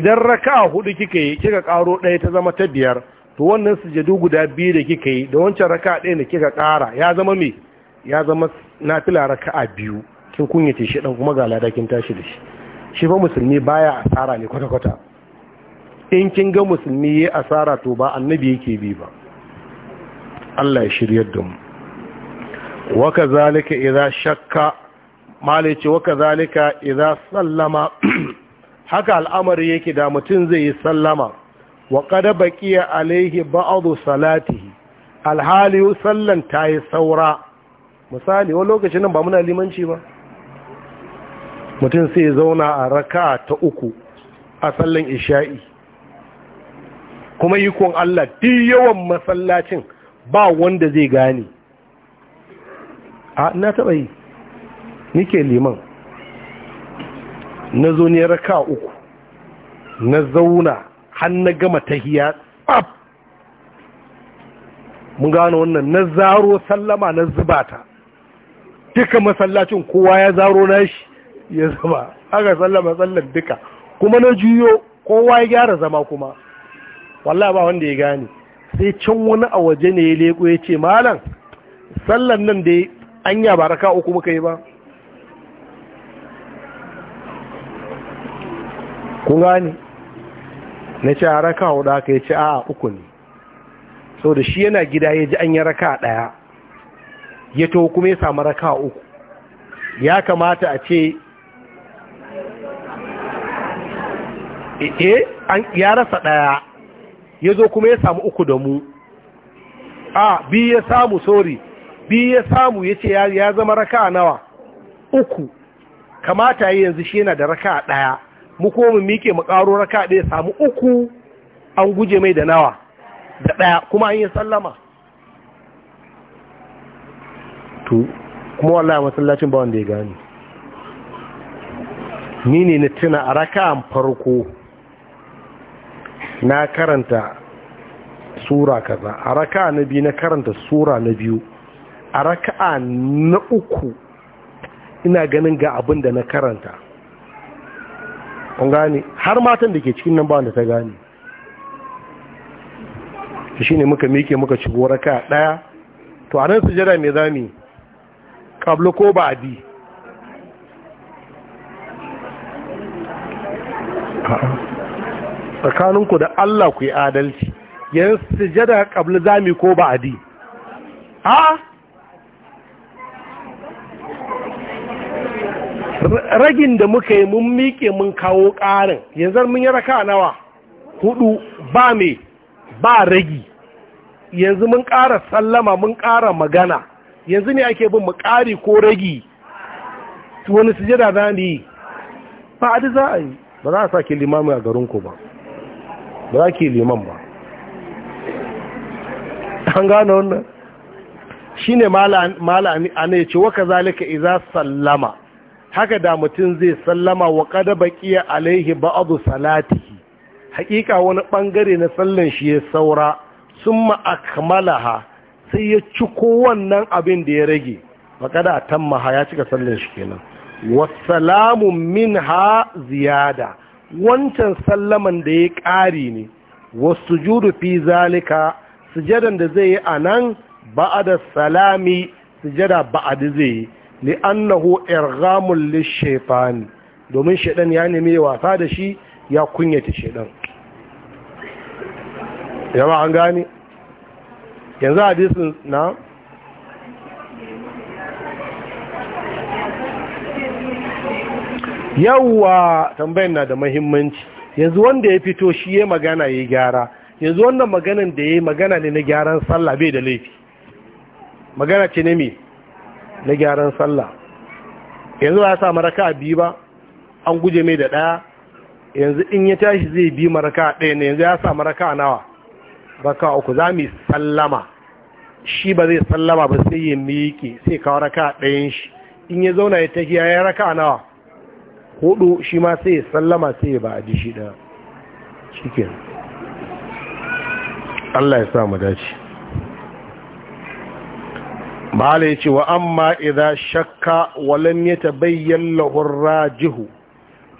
idan raka hudu kika yi kika karo ɗaya ta zama ta biyar to wannan sujadu guda biyu da kika yi da wancan raka ɗaya da kika ƙara ya zama me ya zama nafila raka a biyu kin kunye shi dan kuma ga lada kin tashi da shi shi fa musulmi baya asara ne kwata-kwata in kin ga musulmi yayi asara to ba annabi yake bi ba Allah ya shirya da mu waka zalika idza shakka malai ce waka zalika idza sallama haka al'amari yake da mutum zai yi sallama wa qad baqiya alaihi ba'd salatihi alhali sallan ta yi saura misali wani lokacin nan ba muna limanci ba mutum sai zauna a raka ta uku a sallan isha'i kuma ikon Allah duk yawan masallacin ba wanda zai gane a na taba yi nike liman na zo ne raka uku na zauna har na gama tahiya tsab mun gano wannan na zaro sallama na zubata duka masallacin kowa ya zaro nashi ya zama aka sallama sallar duka kuma na juyo kowa ya gyara zama kuma wallah ba wanda ya gane sai can wani a waje ne ya leko ya ce malam sallan nan da an ba raka uku muka yi ba kun gani na ce a raka hudu aka yi ce a uku ne sau da shi yana gida ya ji an yi raka daya ya to kuma ya samu raka uku ya kamata a ce eh, ya rasa daya ya zo kuma ya samu uku da mu a biyu ya samu sori biyu ya samu ya ce ya zama raka nawa uku kamata yi yanzu shi yana da raka ɗaya mu kuma mu mike mu karo raka ɗaya samu uku an guje mai da nawa da ɗaya kuma an yi sallama to kuma wallahi masallacin ba wanda ya gani ni ne na tuna a raka'an farko na karanta sura kaza a raka'a na biyu na karanta sura na biyu a raka'a na uku ina ganin ga abin da na karanta gani har matan da ke cikin nan ba da ta gane shi ne muka mike muka ci gora ka daya to a nan sujada mai zami kablo ko ba bi a'a tsakaninku da Allah ku yi adalci yan sujada kabli zami ko ba'adi a ragin da muka yi mun miƙe mun kawo ƙarin yanzu mun yi raka nawa hudu ba me ba ragi yanzu mun ƙara sallama mun ƙara magana yanzu ne ake bin mu ƙari ko ragi wani sujada za yi ba a za a yi ba za a sake limami a garinku ba ba za ki liman ba an gano wannan shi ne malami ana ya ce waka zalika iza sallama haka da mutum zai sallama wa kada bakiya alaihi abu salatihi hakika wani ɓangare na sallan shi ya saura sun ha sai ya ciko wannan abin da ya rage ba kada a tammaha ya cika sallan shi kenan wasalamun min ha ziyada wancan sallaman da ya ƙari ne wasu juru fi zalika sujadan da zai yi a nan ba'ada salami sujada ba'adi zai yi ni li'annahu irghamun lishaytan domin shaɗan ya nemi wasa da shi ya kunyata shaɗan. yawa an gani yanzu hadisin na yawwa tambayar na da mahimmanci yanzu wanda ya fito shi ya magana ya gyara yanzu wannan maganan da ya magana ne na gyaran sallah bai da laifi magana ce ne me na gyaran sallah yanzu ba ya sa maraka biyu ba an guje mai da ɗaya yanzu in ya tashi zai bi maraka ɗaya ne yanzu ya sa maraka nawa raka uku za mu sallama shi ba zai sallama ba sai ya miƙe sai kawo raka ɗayan shi in ya zauna ya tafiya ya raka nawa hudu shi ma sai sallama sai ba a ji shi cikin. Allah ya sa mu dace la ya ce wa amma idan shakka walam ya tabayyan lahun rajihu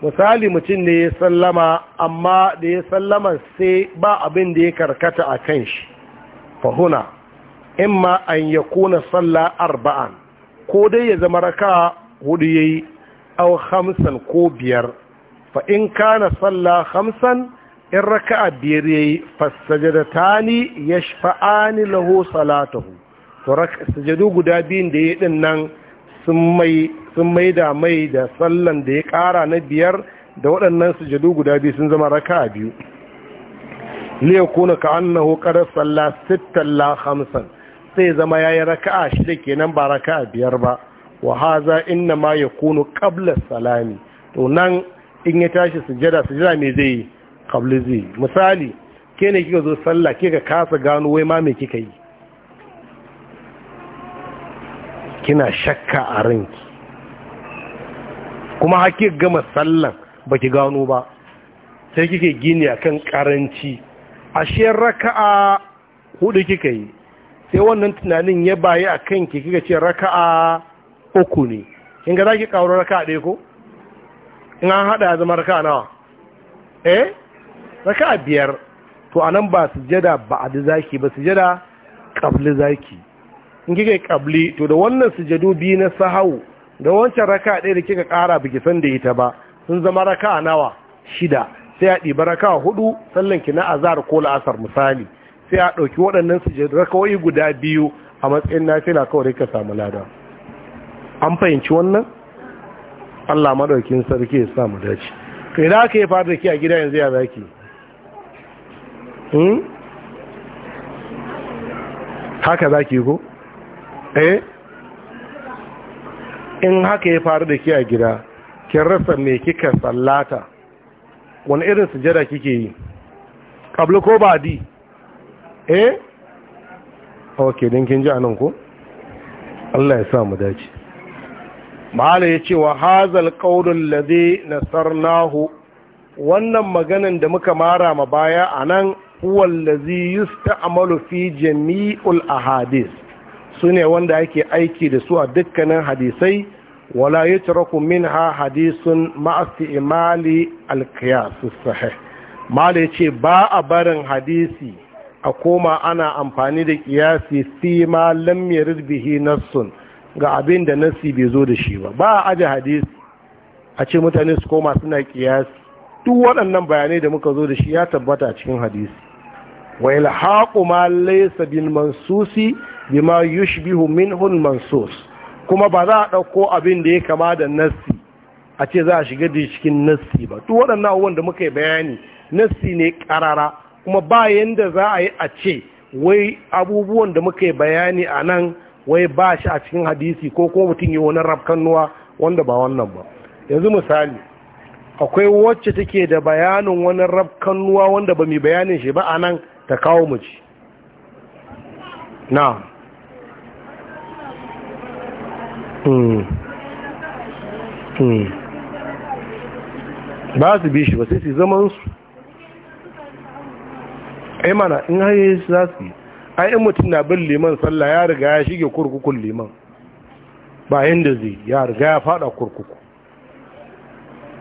misali mutum ne ya sallama amma da ya sallama sai ba abin da ya karkata a kan shi fahuna imma an yakuna salla arba'an ko dai ya zama raka hudu ya yi aw Hamsan ko biyar fa in kana salla Hamsan in raka'a biyar yayi fasajadatani yashfa'ani lahu salatuhu to sajadu guda biyun da yayi din nan sun mai sun maida mai da sallan da ya kara na biyar da waɗannan sujadu guda biyu sun zama raka'a biyu liyakuna ka annahu qad salla sittan la khamsan sai zama yayi raka'a shida kenan ba raka'a biyar ba wa haza inna ma yakunu qabla salami to nan in ya tashi sujada sujada me zai yi qabla zai misali ke ne kika zo sallah kika kasa gano wai ma me kika yi kina shakka a ranki kuma haki gama sallan baki gano ba sai kike gini akan karanci ashe raka'a hudu kika yi sai wannan tunanin ya baye akan ki kika ce raka'a uku ne in ga za ki raka ɗaya ko in an haɗa ya zama raka nawa eh raka biyar to a nan ba su ba a zaki ba su jada ƙabli zaki in kika ƙabli to da wannan sujadu biyu na sahau da wancan raka ɗaya da kika ƙara biki san da ita ba sun zama raka nawa shida sai a ɗiba raka hudu sallan ki na azar ko la'asar misali sai a ɗauki waɗannan sujadu rakawai guda biyu a matsayin na fila kawai ka samu lada an fahimci wannan Allah maɗaukin sarki ya samu dace kai da aka yi fara da a gida yanzu ya zaki hmm haka zaki ko eh in haka ya faru da ke a gida kin rasa me kika sallata wani irin sujada kike yi kablu ko ba di eh ok din kin ji anan ko Allah ya sa mu dace mahala ya ce wa hazal ƙaunin lade sarnahu wannan maganan da muka mara ma baya a nan wallazi yusta amalu fi jami'ul ahadis su ne wanda ake aiki da su a dukkanin hadisai wala min ha hadisun ma'asti imali alqiyas mahala ya ce ba a barin hadisi a koma ana amfani da kiyasi fi ma lam bihi nassun ga abin da nasi bai zo da shi ba ba a aje hadis a ce mutane su koma suna kiyasi duk waɗannan bayanai da muka zo da shi ya tabbata a cikin hadis wa haqu ma laysa bil mansusi bima yushbihu minhu al mansus kuma ba za a ɗauko abin da ya kama da nassi a ce za a shiga da cikin nassi ba duk waɗannan abubuwan da muka yi bayani nassi ne ƙarara kuma ba yanda za a yi a ce wai abubuwan da muka yi bayani a nan wai ba shi a cikin hadisi ko ko mutum yi wani rabkannuwa wanda ba wannan ba yanzu misali akwai wacce take da bayanin wani rabkannuwa wanda ba mai bayanin shi ba a nan ta kawo mu ci na hmm. hmm. ba su bi shi ba sai su su. ai eh mana in haye za su yi ai in mutum na bin liman sallah ya riga ya shige kurkukun liman bayan da zai ya riga ya fada kurkuku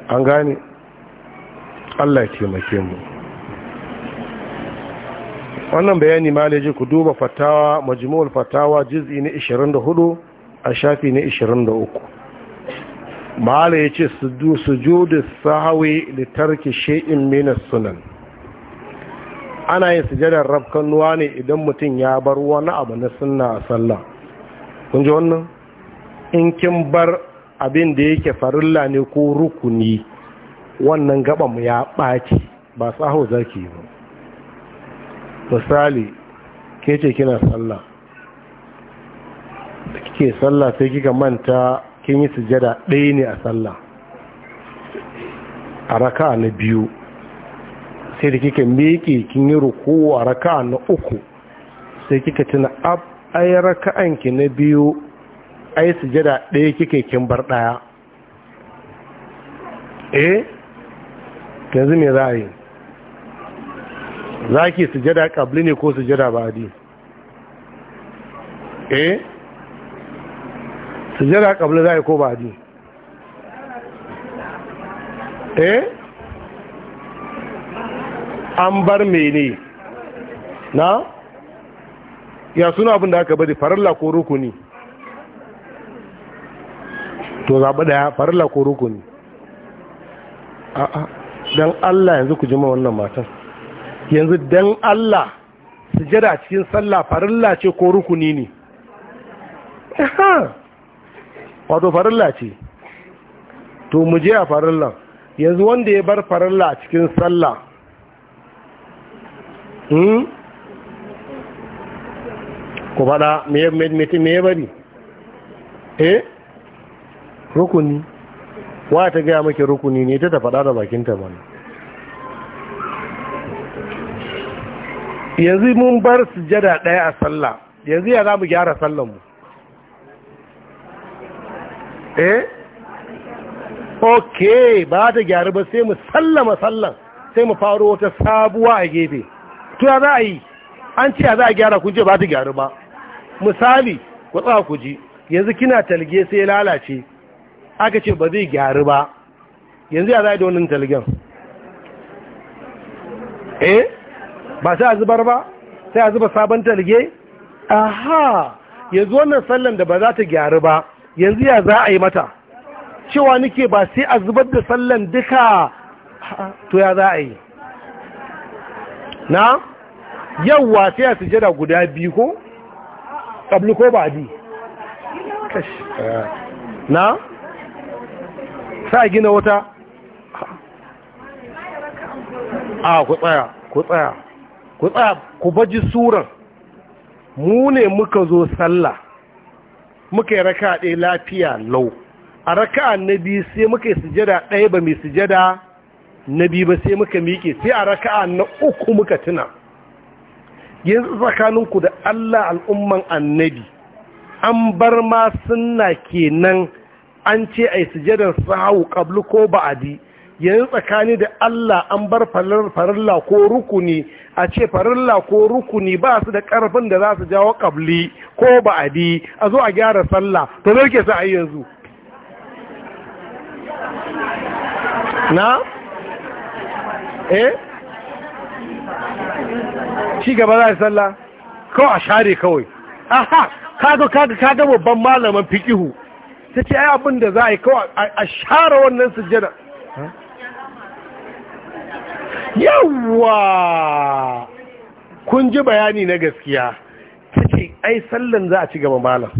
an gane Allah ya taimake mu wannan bayani malaji ku duba fatawa majmu'ul fatawa juz'i na 24 a shafi na 23 mala yace sujudu sahawi li tarki shay'in min as-sunan ana yin sujadar rafkannuwa ne idan mutum ya bar wani abu na sunna a sallah kun ji wannan in kin bar abin da yake farilla ne ko rukuni wannan gaban ya ɓaci ba saho zarki ba misali ke ce kina sallah da kike sallah sai kika manta kin yi sujada ɗaya ne a sallah a raka na biyu sai da kika miƙe kin yi a raka na uku sai kika tuna ab ai raka'an ki na biyu ai sujada ɗaya kika kin bar ɗaya eh yanzu me za a yi za ki sujada ƙabli ne ko sujada ba di eh sujada ƙabli za a yi ko ba di eh an bar mene na ya suna abin da aka bari farilla ko rukuni to zaɓi ɗaya farilla ko rukuni a'a don Allah yanzu ku jima wannan matan yanzu don Allah jada cikin sallah farilla ce ko rukuni ne wato farilla ce to mu je a farilla yanzu wanda ya bar farilla cikin sallah Hmm? ku faɗa me ya bari eh rukuni wa ta gaya maki rukuni ne ta ta faɗa da bakinta ba yanzu mun bar sujada ɗaya a sallah yanzu ya za mu gyara sallanmu eh ok ba ta gyaru ba sai mu sallama sallan sai mu faro wata sabuwa a gefe to ya za a yi an ce ya za a gyara kuje ba ta gyaru ba misali ku tsaka ku ji yanzu kina talge sai lalace aka ce ba zai gyaru ba yanzu ya za a yi da wannan talgen eh ba sai a zubar ba sai a zuba sabon talge aha yanzu wannan sallan da ba za ta gyaru ba yanzu ya za a yi mata cewa nike ba sai a zubar da sallan duka to ya za a yi na yawwa sai a sujada guda biyu ko ƙabli ko ba bi na sa gina wata a ku tsaya ku tsaya ku tsaya ku baji suran mu ne muka zo sallah muka yi raka ɗaya lafiya lau a raka na biyu sai muka yi sujada ɗaya ba mai sujada na biyu ba sai muka miƙe sai a raka na uku muka tuna yanzu tsakaninku da Allah al'umman annabi an bar ma kenan an ce a yi sujadar hawu qablu ko ba'adi yanzu tsakani da Allah an bar farilla ko rukuni a ce farilla ko rukuni ba su da ƙarfin da za su jawo ƙabli ko ba'adi a zo a gyara sallah to zarke su a yanzu na eh shi gaba za a sallah kawo a share kawai aha kaga kaga kaga babban malaman fikihu ta ce ai abin da za a yi kawo a share wannan sujjada yawwa kun ji bayani na gaskiya ta ce ai sallan za a ci gaba malam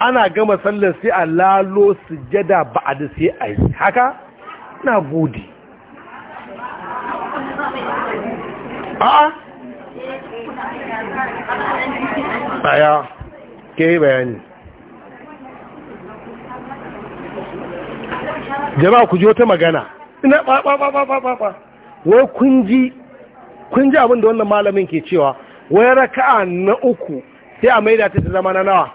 ana gama sallan sai a lalo sujjada ba a da sai a yi haka na gode a'a aya jama'a ku ji wata magana ina ba ba ba ba ba wai kun ji abin da wannan malamin ke cewa wai raka'a na uku sai a maida ta zama na nawa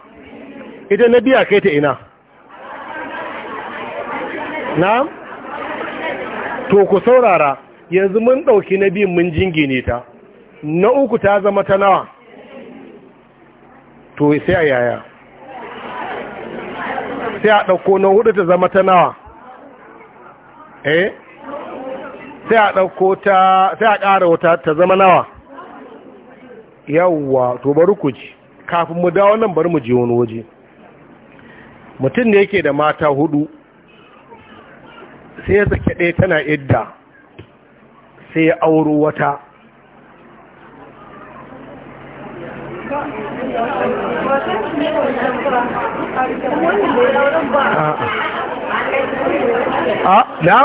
ita na biya kai ta ina na to ku saurara yanzu mun ɗauki na biyun mun jingine ta na uku ta zama ta nawa to sai a yaya sai a ɗauko na hudu ta zama ta nawa eh sai a ɗauko ta sai a ƙara wata ta zama nawa yawwa to bari ku ji kafin mu dawo nan bari mu je wani waje mutum da yake da mata hudu sai ya sake ɗaya tana idda sai ya auro wata Ah, ah. ah, na?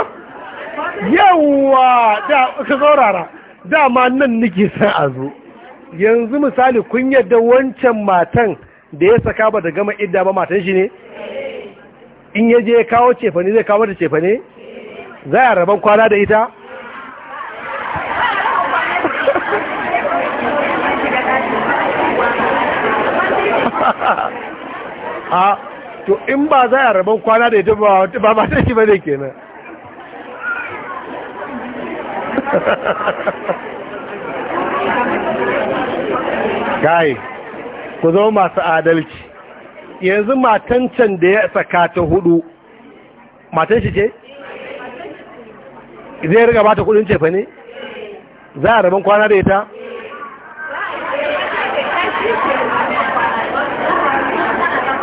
yawwa da ka saurara dama nan nake son a zo yanzu misali kun yadda wancan matan da ya saka ba da gama idda ba matan shi ne in yaje ya kawo cefane zai kawo da cefane za a rabon kwana da ita a to in ba za a rabon kwana da ita ba ba ta shi ba ne nan gai ku zo masu adalci yanzu matan can da ya saka ta hudu matan shi ce zai riga ba ta kudin cefa ne za a rabon kwana da ita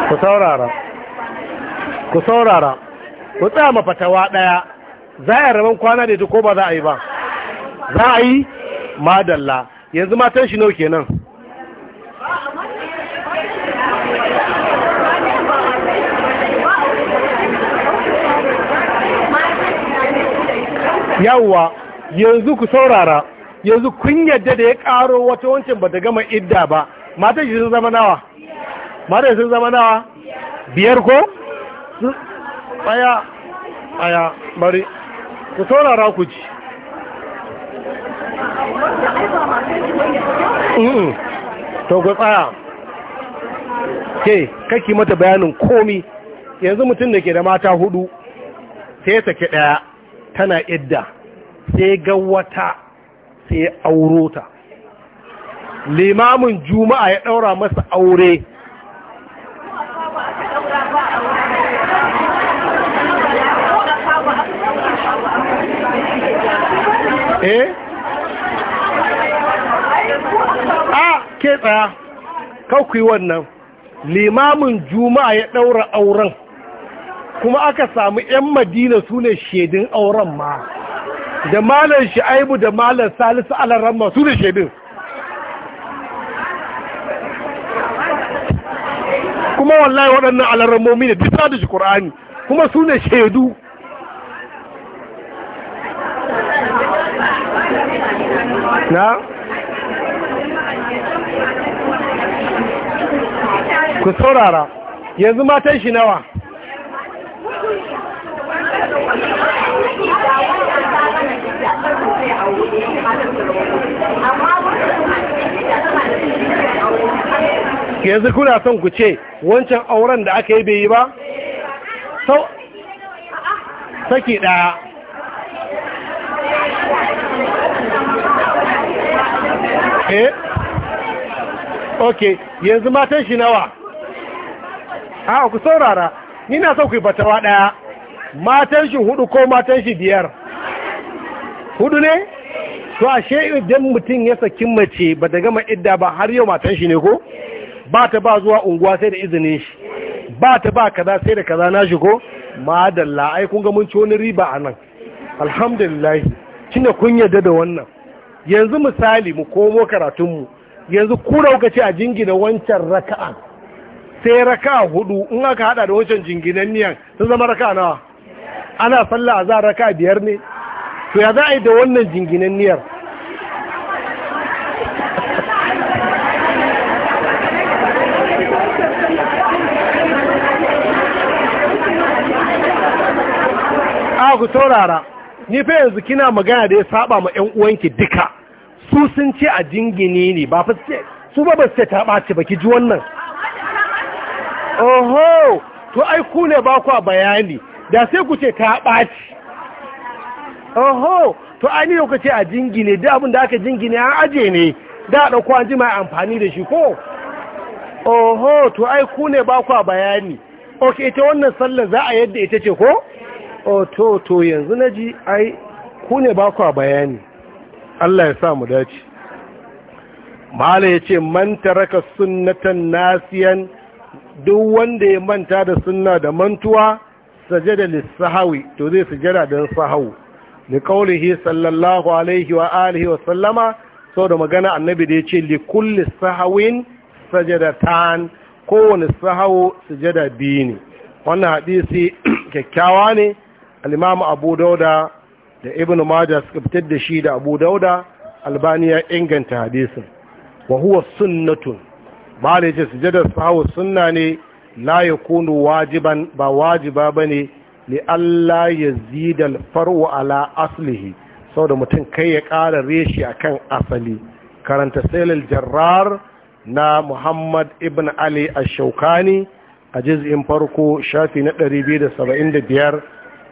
ku saurara ku saurara ku tsama fatawa ɗaya za a rabon kwana da ko ba za a yi ba za a yi madalla yanzu matan shi nau kenan yawwa yanzu ku saurara yanzu kun yadda da ya karo wata wancan ba ta gama idda ba matan shi sun zama nawa mare sun zama nawa biyar ko aya aya bari ku saurara ku ji to ku tsaya ke kake mata bayanin komi yanzu mutum da ke da mata hudu sai ya sake daya tana idda sai ga wata sai auro ta limamin juma'a ya daura masa aure eh a ke tsaya kawai wannan limamin juma'a ya ɗaura auren kuma aka samu 'yan madina su ne shaidun auren ma da malar sha'aibu da malar salisu ma su ne shaidun kuma wallahi waɗannan momi ne duk da shi ƙura'ani kuma su ne shaidu na ku saurara yanzu matan shi nawa yanzu kuna son ku ce wancan auren da aka yi bai yi ba? sau saki ɗaya eh ok yanzu matan shi nawa a ku saurara ni na so ku batawa ɗaya matan shi hudu ko matan shi biyar hudu ne to ashe idan mutum ya saki mace ba ta gama idda ba har yau matan shi ne ko ba ta ba zuwa unguwa sai da izinin shi ba ta ba kaza sai da kaza na shi ko madalla ai kun ga mun ci wani riba anan alhamdulillah kina kun yarda da wannan yanzu misali mu komo karatunmu yanzu kuna kuka ce a jingina wancan raka'a sai raka'a hudu in aka hada da wancan jinginan niyan sun zama raka'a nawa ana sallah a za raka'a biyar ne to ya za a yi da wannan jinginan niyar? a ku taurara. ni fa yanzu kina magana da ya saba ma ƴan uwanki duka su sun ce a jingine ne ba fa su ba ba su ta ɓaci ba ki ji wannan oho to ai ku ne ba ku bayani da sai ku ce ta ɓaci oho to ai ni ku ce a jingine da abin da aka jingine an aje ne da a ɗauko an ji mai amfani da shi ko oho to ai ku ne ba ku bayani ok ita wannan sallar za a yadda ita ce ko Oh, to to yanzu na ji ai ku ne ba kwa bayani Allah ya sa mu dace mala ya ce man taraka sunnatan nasiyan duk wanda ya manta da sunna da mantuwa sajada lissahawi to zai sujada don sahawu ni kaulihi sallallahu alaihi wa alihi wa sallama sau da magana annabi da ya ce li kulli sahawin sajadatan kowane sahawo sujada biyu ne wannan hadisi kyakkyawa ne al abu dauda da ibn maja suka fitar da shi da abu dauda albani ya inganta hadisin wa huwa sunnatun ba da yace sujadar sahawu sunna ne la yakunu wajiban ba wajiba bane li Allah ya zidal faru ala aslihi saboda mutum kai ya ƙara reshi kan asali karanta sailal jarrar na Muhammad ibn Ali ash shaukani a juz'in farko shafi na 275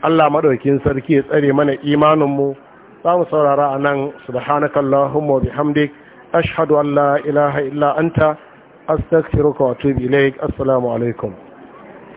Allah maɗaukin sarki ya tsare mana imaninmu za mu saurara a nan subhanakallahumma wa bihamdik ashhadu Allah la ilaha illa anta astaghfiruka wa atubu laik assalamu alaikum